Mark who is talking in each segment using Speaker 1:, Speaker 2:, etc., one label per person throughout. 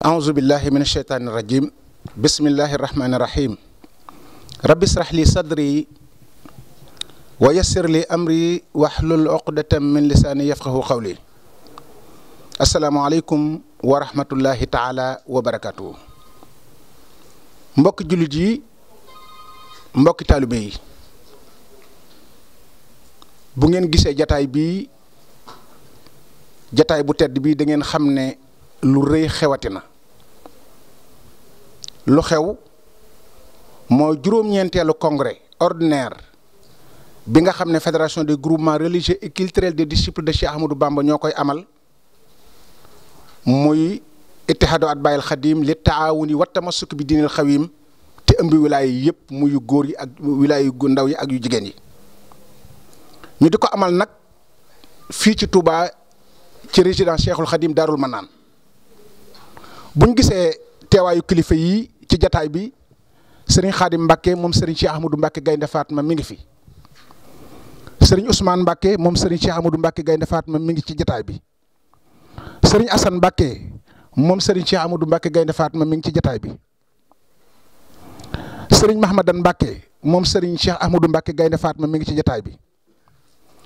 Speaker 1: أعوذ بالله من الشيطان الرجيم بسم الله الرحمن الرحيم رب اشرح لي صدري ويسر لي أمري واحلل عقدة من لساني يفقه قولي السلام عليكم ورحمة الله تعالى وبركاته مبك جلجي مبك تالبي taalibe yi bu بي gisee jataay bii بي bu tedd bii da lu xew moy juróom ñentelu congrès ordinaire bi nga xamné fédération des groupements religieux et culturels des disciples de Cheikh Amadou Bamba ñokoy amal muy ittihaadu atbaayil khadim li taawuni wa tamassuk bi dinil khawim te ëmb wilaay yi yëpp muy yu yi ak wilaay yu ndaw yi ak yu jigéen yi ñu diko amal nak fi ci Touba ci résidence Cheikhul Khadim Darul Manan buñu gisé téwayu kilifa yi. ci jataay bi sëriñ Xaadim Mbacke moom sëriñ Cheikh Ahmadou Mbacke Gaynde Fatma mi ngi fi sëriñ Ousmane Mbacke moom sëriñ Cheikh Ahmadou Mbacke Gaynde Fatma mi ngi ci jataay bi sëriñ Assane Mbacke moom sëriñ Cheikh Ahmadou Mbacke Gaynde Fatma mi ngi ci jataay bi sëriñ Mahmadan Mbacke moom sëriñ Cheikh Ahmadou Mbacke Gaynde Fatma mi ngi ci jataay bi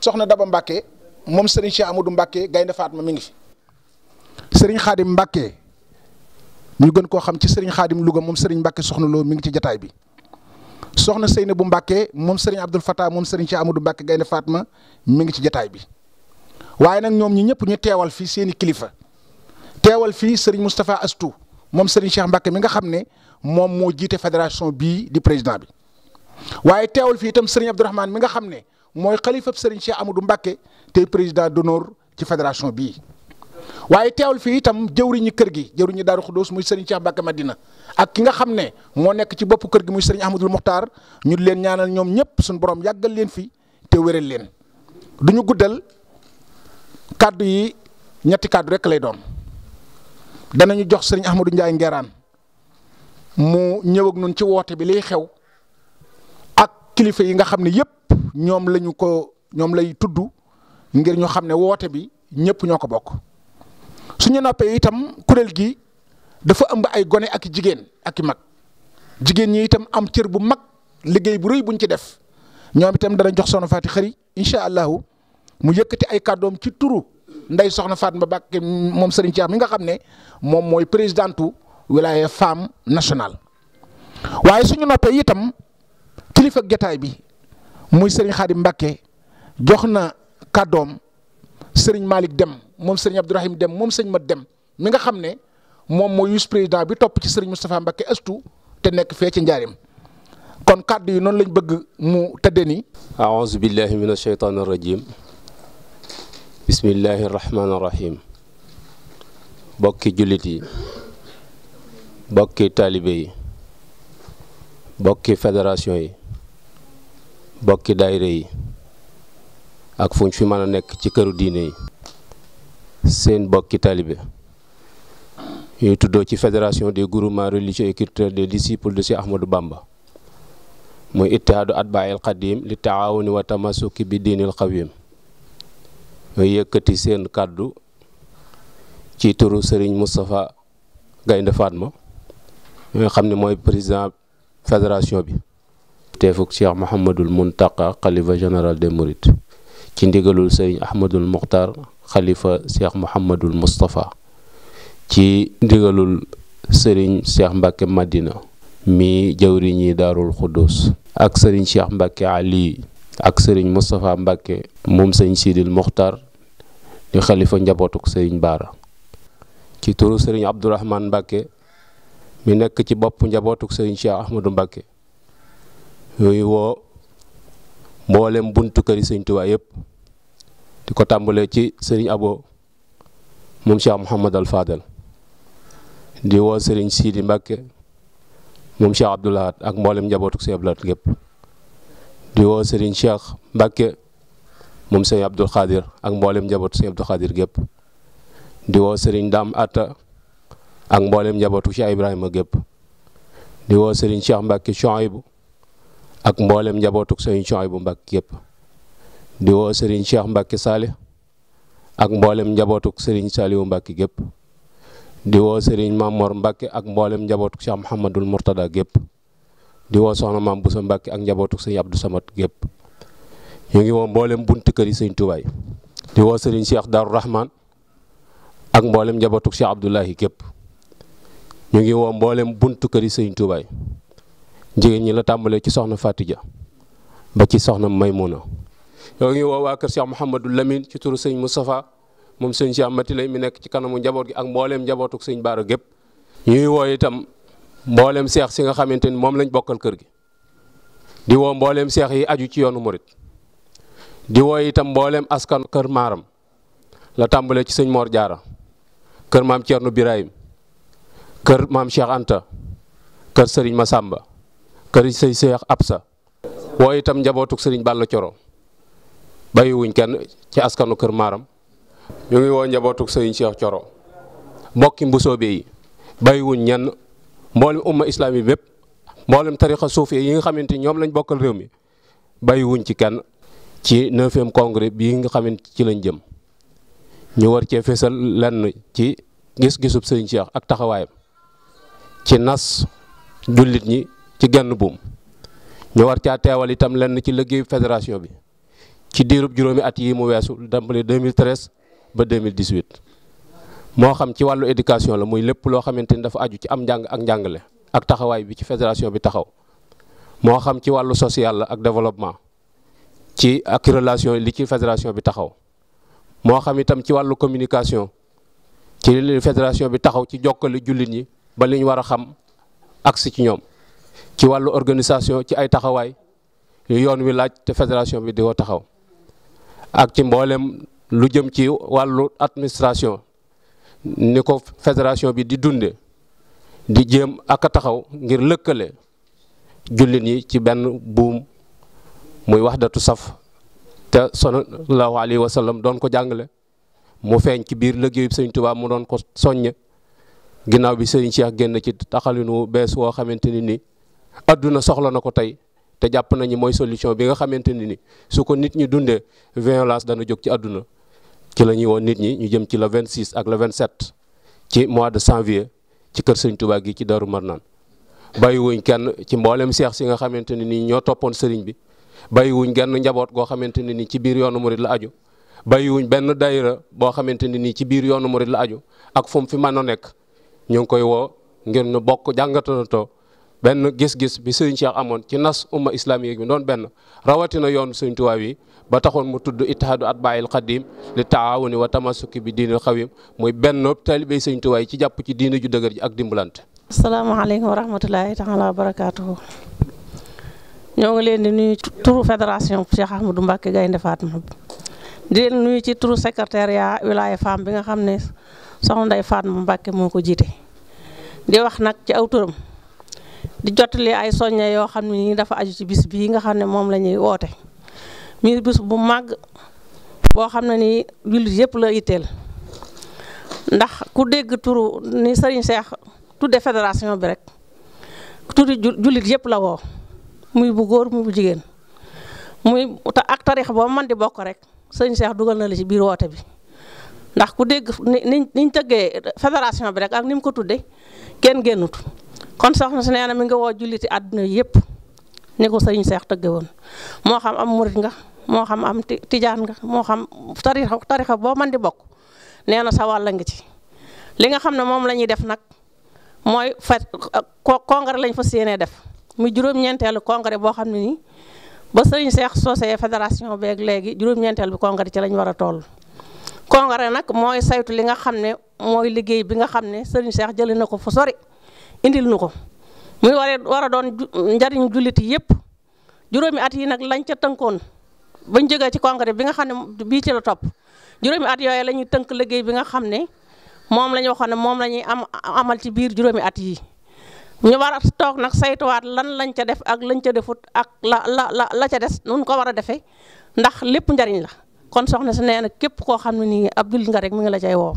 Speaker 1: soxna Daba Mbacke moom sëriñ Cheikh Ahmadou Mbacke Gaynde Fatma mi ngi fi sëriñ Xaadim Mbacke ñu gën koo xam ci sëriñ xaadim Louga moom sëriñ Mbacke soxna Lo mi ngi ci jataay bi soxna Seyna bu Mbacke moom sëriñ Abdul Fatah moom sëriñ Cheikh Amadou Mbacke Gaynde Fatma mi ngi ci jataay bi waaye nag ñoom ñi ñëpp ñu teewal fii seeni kilifa teewal fii sëriñ Moustapha Astou moom sëriñ Mbacke mi nga xam ne moom moo jiite fédération bii di président bi waaye teewal fii itam sëriñ Abdourahmane mi nga xam ne mooy xalifab sëriñ Cheikh Amadou Mbacke tey président d'honneur ci fédération bii. waaye teewul fii itam jëwriñu kër gi jëwriñu Daaru Xuddoos muy sëriñ Cheikh Mbacke Madina ak ki nga xam ne moo nekk ci boppu kër gi muy sëriñ Ahmadul Muxtaar ñu leen ñaanal ñoom ñëpp suñ borom yàggal leen fi te wéral leen duñu guddal kàddu yi ñetti kàddu rekk lay doon danañu jox sëriñ Ahmadou Ndiaye Ngeraan mu ñëw ak nun ci woote bi liy xew ak kilifa yi nga xam ne yëpp ñoom lañu ko ñoom lay tudd ngir ñu xam ne woote bi ñëpp ñoo ko bokk. suñu noppee itam kuréel gi dafa ëmb ay gone ak jigéen ak i mag jigéen ñi itam am cër bu mag liggéey bu rëy buñ ci def ñoom itam dana jox soxna Faati xëri incha allahu mu yëkkati ay kàddoom ci turu nday soxna Faat Mba Bàkke moom sëriñ Cheikh mi nga xam ne moom mooy présidentu wilaya femme national waaye suñu noppee itam kilifa gétaay bi muy sëriñ Xaadim Mbàkke jox na kàddoom sëriñ Malick Dem moom sëriñ Abdourahim Dem moom sëñ ma Dem mi nga xam ne moom mooy vice président bi topp ci sëriñ Moustapha Mbacké Astou te nekk fee ci njaarim kon kàddu yi noonu lañ bëgg mu
Speaker 2: tëddee nii. aouzu billahi min asheytaani rajim bismillahi rahmaani rahim bokki jullit yi bokki taalibe yi bokki fédération yi bokki daayira yi ak fuñ fi mën a nekk ci këru diine yi seen bokki talibe ñuy tuddoo ci fédération des groupements religieux et culturels des disciples de Cheikh Ahmadou Bamba muy ittihaadu atbaayil xadim li taawuni wa tamasuki bi diinil xawim ñooy yëkkati seen kàddu ci turu sëriñ Moustapha Gaynde Fatma ñooy xam ne mooy président fédération bi teefuk Cheikh Mouhamadul Muntaka xalifa général des Mourides ci ndigalul Serigne Ahmadul Muxtar khalifa cheikh mouhamadul mustafa ci ndigalul sëriñ cheikh mbàkke madina mi jawriñi darul xuddus ak sëriñ cheikh mbàkke ali ak sëriñ moustapha mbàkke moom sëñ sidil muxtar di xalifa njabootuk sëriñ baara ci turu sëriñ abdourahman mbàkke mi nekk ci bopp njabootuk sëriñ cheikh ahmadou mbàkke yooyu woo mboolem buntu këri sëñ Tuubaa yépp di ko tàmbalee ci sëriñ Abo moom Cheikh Mouhamad al Fadel di woo sëriñ Sidi Mbacke moom Cheikh Abdoul ak mboolem njabootu Cheikh Abdoul Ahad gépp di woo sëriñ Cheikh mbake moom sëriñ Abdoul Khadir ak mboolem njabootu sëriñ Abdoul Khadir gépp di woo sëriñ Dame Atta ak mboolem njabootu Cheikh Ibrahima gépp di woo sëriñ Cheikh Mbacke Chouaïbou ak mboolem njabootu sëriñ Chouaïbou Mbacke gépp di wo Serigne Cheikh Mbacke sale ak mbollem njabotuk Serigne saliw Mbacke gep di wo Serigne Mamor Mbacke ak mbollem njabotuk Cheikh Mouhamadul murtada gep di wo soxna Maam Boussa Mbacke ak njabotuk Serigne Abdou Samad gep ñu ngi wo mbollem buntu kër Serigne toubay di wo Serigne Cheikh Darou Rahman ak mbollem njabotuk Cheikh Abdoulahi gep ñu ngi wo mbollem buntu kër Serigne toubay jigéen ñi la tàmbalee ci soxna fatidia ba ci soxna Maymuna ñoo ngi waa kër Cheikh Mouhamadou Lamine ci turu sëñ Moustapha moom sëñ Cheikh Mati lay mi nekk ci kanamu njaboot gi ak mbooleem njabootuk sëñ Baara gépp ñuy woo itam mbooleem seex si nga xamante ni moom lañ bokkal kër gi di woo mbooleem seex yi aju ci yoonu murit di wooy itam mbooleem askan kër maaram la tàmbalee ci sëñ moor Jaara kër maam Thierno Birahim kër maam Cheikh Anta kër sëriñ Masamba kër sëñ Cheikh Absa woo itam njabootuk sëriñ Balla Coro bàyyiwuñ kenn ci askanu Kër maaram ñu ngi woo njabootug sëriñ Cheikh Thioro mbokki mbusoobe yi bàyyiwuñ ñenn mboolem umma islaam yi bépp mboolem tarixa suufi yi nga xamante ñoom lañ bokkal réew mi bàyyiwuñ ci kenn ci neuvième congrès bii nga xamante ci lañ jëm ñu war cee fésal lenn ci gis-gisub sëriñ Cheikh ak taxawaayam ci nas jullit ñi ci genn buum ñu war caa teewal itam lenn ci liggéeyu fédération bi ci diirub juróomi at yi mu weesu dambale 2013 ba 2018 moo xam ci wàllu éducation la muy lépp loo xamante ni dafa aju ci am njàng ak njàngale ak taxawaay bi ci fédération bi taxaw moo xam ci wàllu social la ak développement ci ak li ci fédération bi taxaw moo xam itam ci wàllu communication ci fédération bi taxaw ci jokkale jullit yi ba li ñu war a xam agsi ci ñoom ci wàllu organisation ci ay taxawaay yoon wi laaj te fédération bi di ko taxaw ak ci mboolem lu jëm ci wàllu administration ni ko fédération bi di dunde di jëm ak a taxaw ngir lëkkale jullit ñi ci benn buum muy wahdatu saf te sallallahu alayhi wa sallam doon ko jàngale mu feeñ ci biir liggéeyu sëñ mu doon ko soññ ginnaaw bi sëñ Cheikh génn ci taxalinu bees woo xamante ni ni adduna soxla na ko tey te jàpp nañu mooy solution bi nga xamante ni ni su ko nit ñi dundee violence dana jóg ci àdduna ci la ñuy woon nit ñi ñu jëm ci la vingt 26 ak vingt 27 ci mois de janvier ci kër sëñ Touba gi ci Darou Marnaan bàyyiwuñ kenn ci mboolem seex si nga xamante ne ni ñoo toppoon sëriñ bi bàyyiwuñ genn njaboot goo xamante ne ni ci biir yoonu mu murid la aju bàyyiwuñ benn dayre boo xamante ne nii ci biir yoonu murid la aju ak fu fi mën a nekk ñu ngi koy woo ngir ñu bokk jàngatantoo ben gis-gis bi serigne Cheikh amone ci nas umma islamique bi ben rawati na yoon serigne Tuubaa wi ba taxone mu tudd ittihaadu atbaa'il qadim li taawuni wa tamassuki bi diinil xawiim muy benn taalibey serigne Tuubaa yi ci japp ci diine ju dëgër ji ak
Speaker 3: assalamu alaykum wa rahmatullahi taala wa barakatuh ñoo ngi leen di nuyu turu fédération Cheikh Ahmadou Mbacké Gaynde fatima di leen nuyu ci turu secrétariat wilaya fam bi nga xam soxna Ndeye fatima mbake moko jité di wax nak ci aw di jottali ay soññe yoo xam ne nii dafa aju ci bis bii nga xam ne moom la ñuy woote muy bis bu màgg boo xam ne nii jullit yëpp la itteel ndax ku dégg turu ni sëriñ Seex tudde fédération bi rek turi jullit yëpp la woo muy bu góor muy bu jigéen muy te ak tarix boo man di bokk rek sëriñ Seex dugal na la ci biir woote bi ndax ku dégg ni niñ tëggee fédération bi rek ak ni ko tudde kenn génnut kon soxna si nee na mi nga woo julliti àdduna yëpp ni ko sëriñ Seex tëgge woon moo xam am murit nga moo xam am tijaan nga moo xam tarixa tarixa boo man di bokk nee na sa wàll nga ci li nga xam ne moom la ñuy def nag mooy fa congrès lañ fa séenee def mu juróom-ñeenteelu congrès boo xam ne nii ba sëriñ Seex sosee fédération beeg léegi juróom bi congrès ci lañ war a toll congrès nag mooy saytu li nga xam ne mooy liggéey bi nga xam ne sëriñ Seex jëlee na ko fu sori indil nu ko mu waree war a doon njariñ jullit yépp juróomi at yi nag lañ ca tënkoon bañ jógee ci congrès bi nga xam ne bii ci la topp juróomi at yooyu la ñuy tënk liggéey bi nga xam ne moom la ñu waxoon ne moom la ñuy am amal ci biir juróomi at yi ñu war a toog nag saytuwaat lan lañ ca def ak lañ ca defut ak la la la la ca des nun ko war a defee ndax lépp njariñ la kon soxna si nee na képp koo xam ne nii ab jullit nga rek mu ngi la cay woo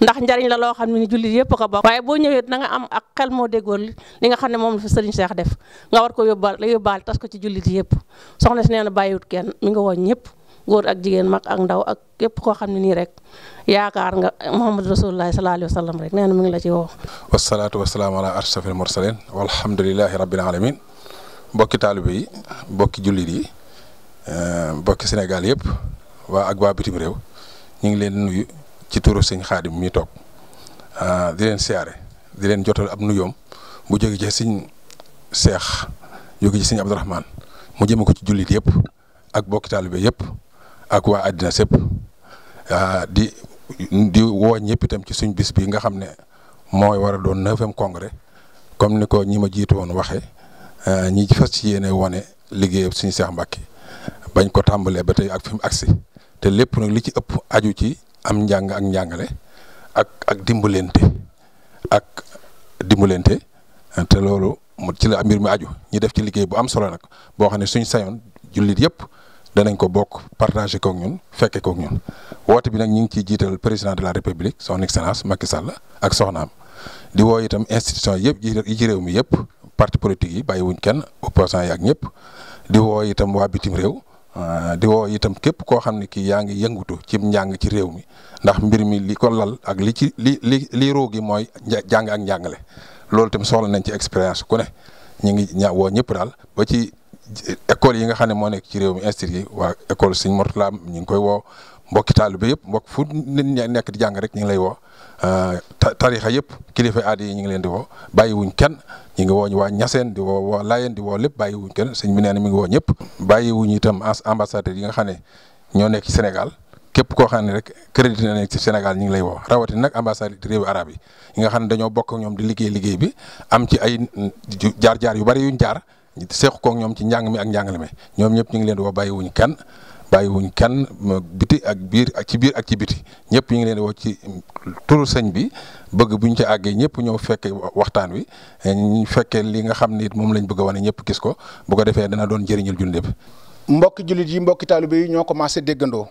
Speaker 3: ndax njariñ la loo xam ne ni jullit yëpp ko bokk waaye boo ñëwee na nga am xel moo déggoon li nga xam ne moom la fa sëriñ Seex def nga war ko yóbbaal la yóbbaal tas ko ci jullit yëpp soxna si nee na bàyyiwut kenn mi nga woon ñëpp góor ak jigéen mag ak ndaw ak képp koo xam ne nii rek yaakaar nga Muhammad Rasulullah sallallahu alayhi wa sallam rek nee na mi ngi la ci woo
Speaker 4: wasalaatu wasalaamu ala ashrafil mursalin walhamdulilahi rabbil alamin mbokki taalibe yi mbokki jullit yi eh, mbokki Sénégal yëpp waa ak waa bitim réew ñu ngi leen nuyu ci turu sëñ xaadim mi toog ah, di leen siyaare di leen joto jotal ab nuyoom bu jóge ci sëñ seex jóge ci sëñ abdourahman mu jëme ko ci jullit yëpp ak bokki taalibe yëpp ak waa àddina sépp ah, di di woo ñëpp ci suñ bis bi nga xam ne mooy war a doon neuvième congrès comme ni ko ñi ma jiitu woon waxee ah, ñi fas ci yéene wone liggéeyam suñu Seex Mbàkke bañ ko tàmbalee ba tey ak fi mu te lépp nag li ci ëpp aju ci am njàng ak njàngale ak ak dimbalante ak dimbalante te loolu ci la mbir mi aju ñu def ci liggéey bu am solo nag boo xam ne suñ sañoon jullit yëpp danañ ko bokk partagé kook ñun fekke kook ñun woote bi nag ñu ngi ciy jiital président de la république son excellence Macky Sall ak soxnaam di woo itam institution yëpp yi ci réew mi yëpp parti politique yi bàyyiwuñ kenn opposant yi ak ñëpp di woo itam waa bitim réew Euh, di woo itam képp koo xam ne kii yaa ngi yëngutu ci njàng ci réew mi ndax mbir mi li ko lal ak li ci li li li gi mooy jàng ak njàngale loolu tam soxla nañ ci expérience ku ne ñu ngi ña ñëpp daal ba ci école yi nga xam ne moo nekk ci réew mi institut yi waa école Sëñ Mourtala ñu ngi koy woo mbokki bi yëpp mbokk fu nit nekk di jàng rek ñu ngi lay woo euh, tarixa yëpp kilifa aada yi ñu ngi leen di wo bàyyi wuñ kenn ñu ngi woo waa ñaseen di woo waa laayeen di woo lépp bàyyi wuñ kenn sëñ bi nee na mi ngi woo ñëpp bàyyi wuñ itam ambassadeur yi nga xam ne ñoo nekk ci Sénégal képp koo xam ne rek crédit na ci Sénégal ñu ngi lay woo rawatina nag ambassadeur réewu arab yi yi nga xam ne dañoo bokk ñoom di liggéey liggéey bi ci ay jaar-jaar yu bari yuñ jaar seeq koog ñoom ci njàng mi ak njàngale mi ñoom ñëpp ñu ngi leen di woo bàyyi wuñ wuñ kan biti ak biir ak ci biir ak ci biti ñëpp ñu ngi leen woo ci turu sëñ bi bëgg bu ñu ci àggee ñëpp ñëw fekkee waxtaan wi ñu fekkee lii nga xam ni moom lañ bëgg wane ñëpp gis ko bu ko defee dana doon
Speaker 1: njëriñul jullit yëpp. mbokki jullit mbokki taalibe yi ñoo commencé déggandoo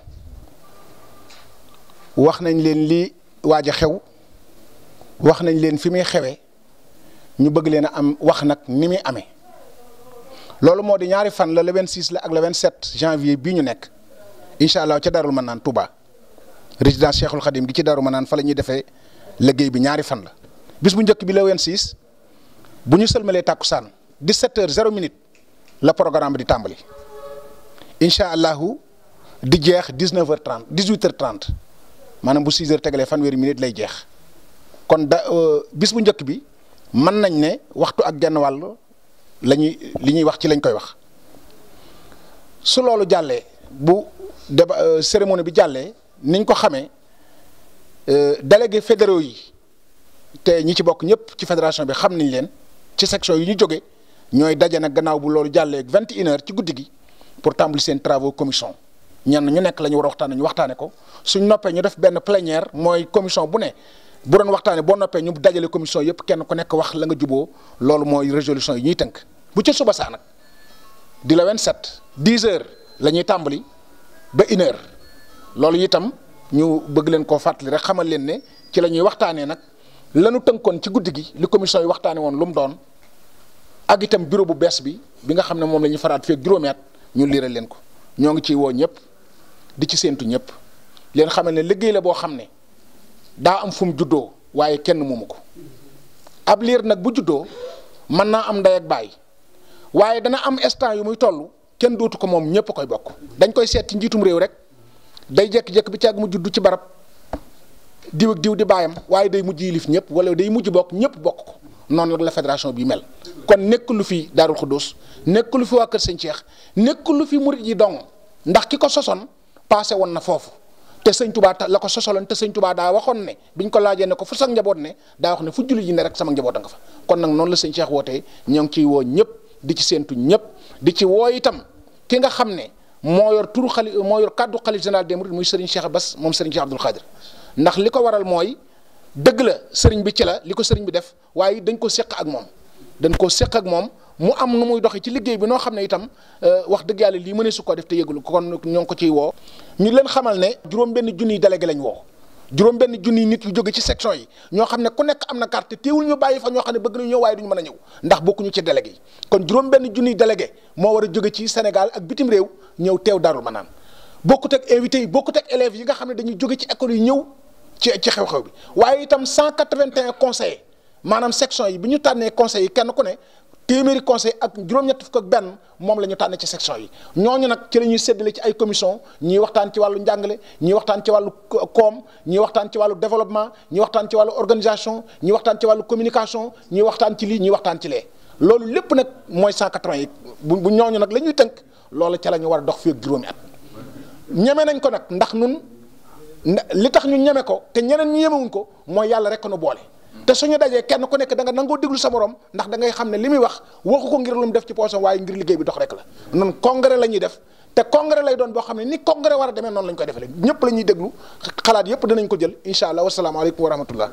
Speaker 1: wax nañ leen li waaj a xew wax nañ leen fi muy xewee ñu bëgg leen a am wax nag ni muy amee. loolu moo di ñaari fan la le 26 la ak le 27 janvier bi ñu nekk incha allah darul Darou Manane Touba résidence Cheikhul Khadim gi ci Darou Manane fa la ñuy defee liggéey bi ñaari fan la bis bu njëkk bi le 26 bu ñu sëlmalee saan 17 heures 0 minute la programme bi di tàmbali incha allahu di jeex 19 heures 30 18 heures 30 maanaam bu 6 heures tegalee fanweeri minute lay jeex kon da euh, bis bu njëkk bi mën nañ ne waxtu ak genn wàll. lañuy li ñuy wax ci lañ koy wax su loolu jàllee bu débat euh, cérémonie bi jàllee niñ ko xamee euh, délégué fédéraux yi te ñi ci bokk ñëpp ci fédération bi xam nañ leen ci section yi ñu jóge ñooy daje nag gannaaw bu loolu jàllee vingt et une heures ci guddi gi pour tàmbali seen travaux commission ñan ñu nekk la ñu war a waxtaanee ñu waxtaanee ko suñ noppee ñu def benn plénière mooy commission bu ne. bu doon waxtaanee boo noppee ñu dajale commission yëpp kenn ku nekk wax la nga juboo loolu mooy résolution yi ñuy tënk bu ca suba saa nag di la 27 10 heures la ñuy tàmbali ba une heure loolu itam ñu bëgg leen ko fàttali rek xamal leen ne ci la ñuy waxtaanee nag lanu tënkoon ci guddi gi li commission yi waxtaanee woon lu mu doon ak itam bureau bu bees bi bi nga xam ne moom la ñuy faraat feeg juróomi at ñu liiral leen ko ñoo ngi ciy woo ñëpp di ci séentu ñëpp leen xamal ne liggéey la boo xam ne. daa am fu mu juddoo waaye kenn moomu ko ab liir nag bu juddoo mën naa am ndey ak baay waaye dana am instant yu muy toll kenn dootu ko moom ñëpp koy bokk dañ koy seet ci njiitum réew rek day jékki-jékki bi caag mu juddu ci barab diw ak diw di baayam waaye day mujj yilif ñëpp wala day mujj bokk ñëpp bokk ko noonu la fédération bi mel. kon nekk lu fi Daarul Xuddoos nekk lu fi waa Kër Sëñ Ceex nekk lu fi murit yi dong ndax ki ko sosoon paase woon na foofu. te sëñ tubaa la ko sosoloon te sëñ tubaa daa waxoon ne biñ ko laajee ne ko fu sax njaboot ne daa wax ne fu julli ji ne rek sama njaboot a nga fa kon nag noonu la sëñ Cheikh wootee ñoo ngi ciy woo ñëpp di ci séentu ñëpp di ci woo itam ki nga xam ne moo yor turu xali moo yor kàddu xalif général des mourides muy sëriñ a bas moom sëriñ Cheikh Abdoul Khadir ndax li ko waral mooy dëgg la sëriñ bi ci la li ko sëriñ bi def waaye dañ ko seq ak moom dañ ko seq ak moom mu am nu muy doxee ci liggéey bi noo xam ne itam euh, wax dëgg yàlla lii mënee su ko def te yëgul kon ñoo ngi ko ciy woo ñu leen xamal ne juróom-benn junniy délégué lañu woo juróom-benn junniy nit yu jóge ci section yi ñoo xam ne ku nekk am na carte teewul ñu bàyyi fa ñoo xam ne bëgg nañ ñëw waaye duñu mën a ñëw ndax bokkuñu ci délégué yi kon juróom-benn junniy délégué moo war a jóge ci Sénégal ak bitim réew ñëw teew Daarul Manaan bokkut ak invité yi bokkut ak élèves yi xam ne dañuy jóge ci école yi ñëw ci ci bi waaye itam 181 conseillers maanaam section yi bi ñu tànnee conseil yi kenn ku ne téeméeri conseil ak juróom-ñett fukk ak benn moom la ñu tànn ci section yi ñooñu nag ci la ñuy séddale ci ay commission ñiy waxtaan ci wàllu njàngale ñiy waxtaan ci wàllu koom ñiy waxtaan ci wàllu développement ñiy waxtaan ci wàllu organisation ñiy waxtaan ci wàllu communication ñiy waxtaan ci lii ñiy waxtaan ci lee loolu lépp nag mooy 180 yi bu ñooñu nag la ñuy tënk loolu ca la ñu war a dox fii ak juróomi at ñeme nañ ko nag ndax nun li tax ñu ñeme ko te ñeneen ñu ñemewuñ ko mooy yàlla rek ko nu boole te suñu dajee kenn ku nekk danga nga nangoo déglu sa morom ndax dangay ngay xam ne li muy wax waxu ko ngir lu mu def ci poosam waaye ngir liggéey bi dox rek la noonu congrès la ñuy def te congrès lay doon boo xam ne ni congrès war a demee noonu la koy defee ñëpp la ñuy déglu xalaat yëpp dinañ ko jël incha allah wasalaamaaleykum wa rahmatullah